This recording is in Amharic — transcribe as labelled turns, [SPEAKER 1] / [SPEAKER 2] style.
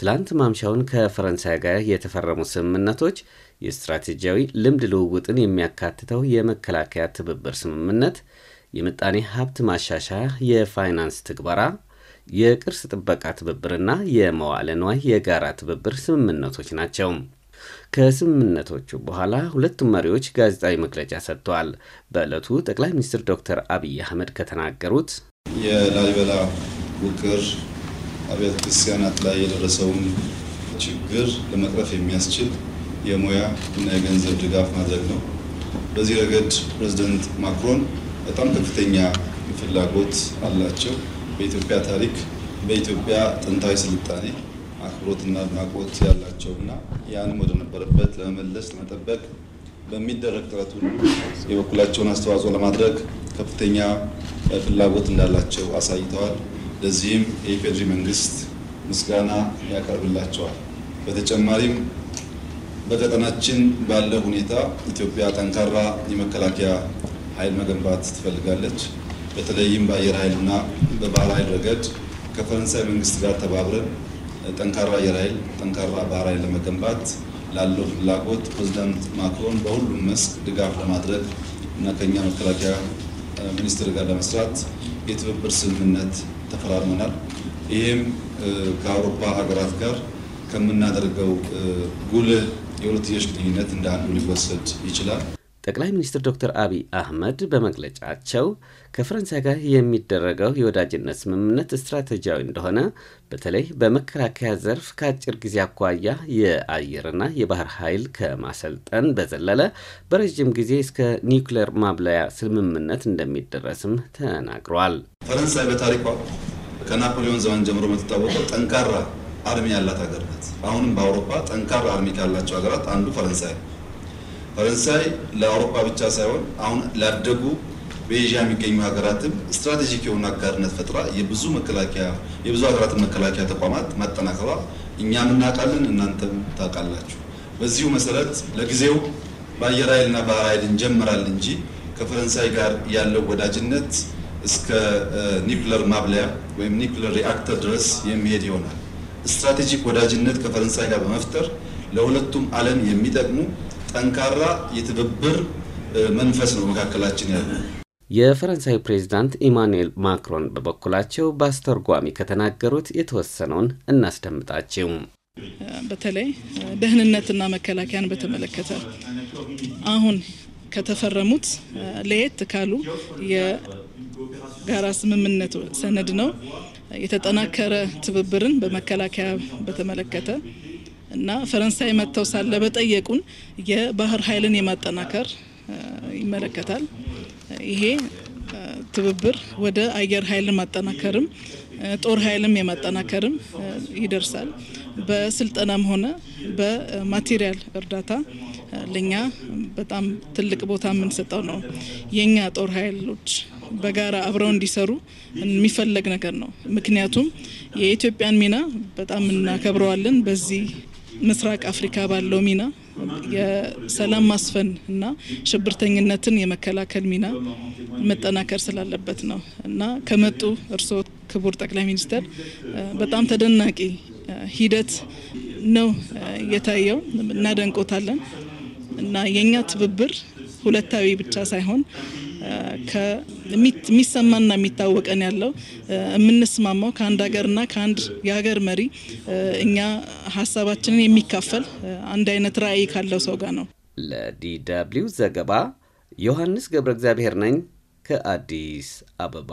[SPEAKER 1] ትላንት ማምሻውን ከፈረንሳይ ጋር የተፈረሙ ስምምነቶች የስትራቴጂያዊ ልምድ ልውውጥን የሚያካትተው የመከላከያ ትብብር ስምምነት፣ የምጣኔ ሀብት ማሻሻያ፣ የፋይናንስ ትግበራ፣ የቅርስ ጥበቃ ትብብርና የመዋለ ንዋይ የጋራ ትብብር ስምምነቶች ናቸው። ከስምምነቶቹ በኋላ ሁለቱም መሪዎች ጋዜጣዊ መግለጫ ሰጥተዋል። በዕለቱ ጠቅላይ ሚኒስትር ዶክተር አብይ አህመድ ከተናገሩት
[SPEAKER 2] የላሊበላ
[SPEAKER 1] ውቅር አብያተ ክርስቲያናት ላይ የደረሰውን
[SPEAKER 2] ችግር ለመቅረፍ የሚያስችል የሙያ እና የገንዘብ ድጋፍ ማድረግ ነው። በዚህ ረገድ ፕሬዚደንት ማክሮን በጣም ከፍተኛ ፍላጎት አላቸው። በኢትዮጵያ ታሪክ፣ በኢትዮጵያ ጥንታዊ ስልጣኔ አክብሮትና አድናቆት እና ያንም ወደነበረበት ለመመለስ ለመጠበቅ በሚደረግ ጥረት ሁሉ የበኩላቸውን አስተዋጽኦ ለማድረግ ከፍተኛ ፍላጎት እንዳላቸው አሳይተዋል። ለዚህም የኢፌዴሪ መንግስት ምስጋና ያቀርብላቸዋል። በተጨማሪም በቀጠናችን ባለ ሁኔታ ኢትዮጵያ ጠንካራ የመከላከያ ኃይል መገንባት ትፈልጋለች። በተለይም በአየር ኃይልና በባህር ኃይል ረገድ ከፈረንሳይ መንግስት ጋር ተባብረን ጠንካራ አየር ኃይል፣ ጠንካራ ባህር ኃይል ለመገንባት ላለው ፍላጎት ፕሬዚዳንት ማክሮን በሁሉም መስክ ድጋፍ ለማድረግ እና ከኛ መከላከያ ሚኒስትር ጋር ለመስራት የትብብር ስምምነት ተፈራርመናል። ይህም ከአውሮፓ ሀገራት ጋር ከምናደርገው ጉልህ የሁለትዮሽ ግንኙነት እንደ አንዱ ሊወሰድ
[SPEAKER 1] ይችላል። ጠቅላይ ሚኒስትር ዶክተር አብይ አህመድ በመግለጫቸው ከፈረንሳይ ጋር የሚደረገው የወዳጅነት ስምምነት ስትራቴጂያዊ እንደሆነ በተለይ በመከላከያ ዘርፍ ከአጭር ጊዜ አኳያ የአየርና የባህር ኃይል ከማሰልጠን በዘለለ በረዥም ጊዜ እስከ ኒውክሌር ማብለያ ስምምነት እንደሚደረስም ተናግሯል።
[SPEAKER 2] ፈረንሳይ በታሪኳ ከናፖሊዮን ዘመን ጀምሮ የምትታወቀው ጠንካራ አርሚ ያላት ሀገር ናት። አሁንም በአውሮፓ ጠንካራ አርሚ ካላቸው ሀገራት አንዱ ፈረንሳይ ነው። ፈረንሳይ ለአውሮፓ ብቻ ሳይሆን አሁን ላደጉ በኤዥያ የሚገኙ ሀገራትም ስትራቴጂክ የሆነ አጋርነት ፈጥራ የብዙ መከላከያ የብዙ ሀገራትን መከላከያ ተቋማት ማጠናከሯ እኛም እናውቃለን፣ እናንተም ታውቃላችሁ። በዚሁ መሰረት ለጊዜው በአየር ኃይልና ባህር ኃይል እንጀምራል እንጂ ከፈረንሳይ ጋር ያለው ወዳጅነት እስከ ኒክለር ማብለያ ወይም ኒክለር ሪአክተር ድረስ የሚሄድ ይሆናል። ስትራቴጂክ ወዳጅነት ከፈረንሳይ ጋር በመፍጠር ለሁለቱም ዓለም የሚጠቅሙ ጠንካራ የትብብር መንፈስ ነው መካከላችን ያለ።
[SPEAKER 1] የፈረንሳይ ፕሬዚዳንት ኢማኑኤል ማክሮን በበኩላቸው በአስተርጓሚ ከተናገሩት የተወሰነውን እናስደምጣችው።
[SPEAKER 3] በተለይ ደህንነትና መከላከያን በተመለከተ አሁን ከተፈረሙት ለየት ካሉ የጋራ ስምምነት ሰነድ ነው የተጠናከረ ትብብርን በመከላከያ በተመለከተ እና ፈረንሳይ መጥተው ሳለ በጠየቁን የባህር ኃይልን የማጠናከር ይመለከታል። ይሄ ትብብር ወደ አየር ኃይልን ማጠናከርም ጦር ኃይልም የማጠናከርም ይደርሳል። በስልጠናም ሆነ በማቴሪያል እርዳታ ለኛ በጣም ትልቅ ቦታ የምንሰጠው ነው። የኛ ጦር ኃይሎች በጋራ አብረው እንዲሰሩ የሚፈለግ ነገር ነው። ምክንያቱም የኢትዮጵያን ሚና በጣም እናከብረዋለን በዚህ ምስራቅ አፍሪካ ባለው ሚና የሰላም ማስፈን እና ሽብርተኝነትን የመከላከል ሚና መጠናከር ስላለበት ነው እና ከመጡ እርስዎ ክቡር ጠቅላይ ሚኒስትር በጣም ተደናቂ ሂደት ነው የታየው። እናደንቆታለን እና የእኛ ትብብር ሁለታዊ ብቻ ሳይሆን የሚሰማና የሚታወቀን ያለው የምንስማማው ከአንድ ሀገርና ከአንድ የሀገር መሪ እኛ ሀሳባችንን የሚካፈል አንድ አይነት ራዕይ ካለው ሰው ጋር ነው።
[SPEAKER 1] ለዲደብሊው ዘገባ ዮሐንስ ገብረ እግዚአብሔር ነኝ ከአዲስ አበባ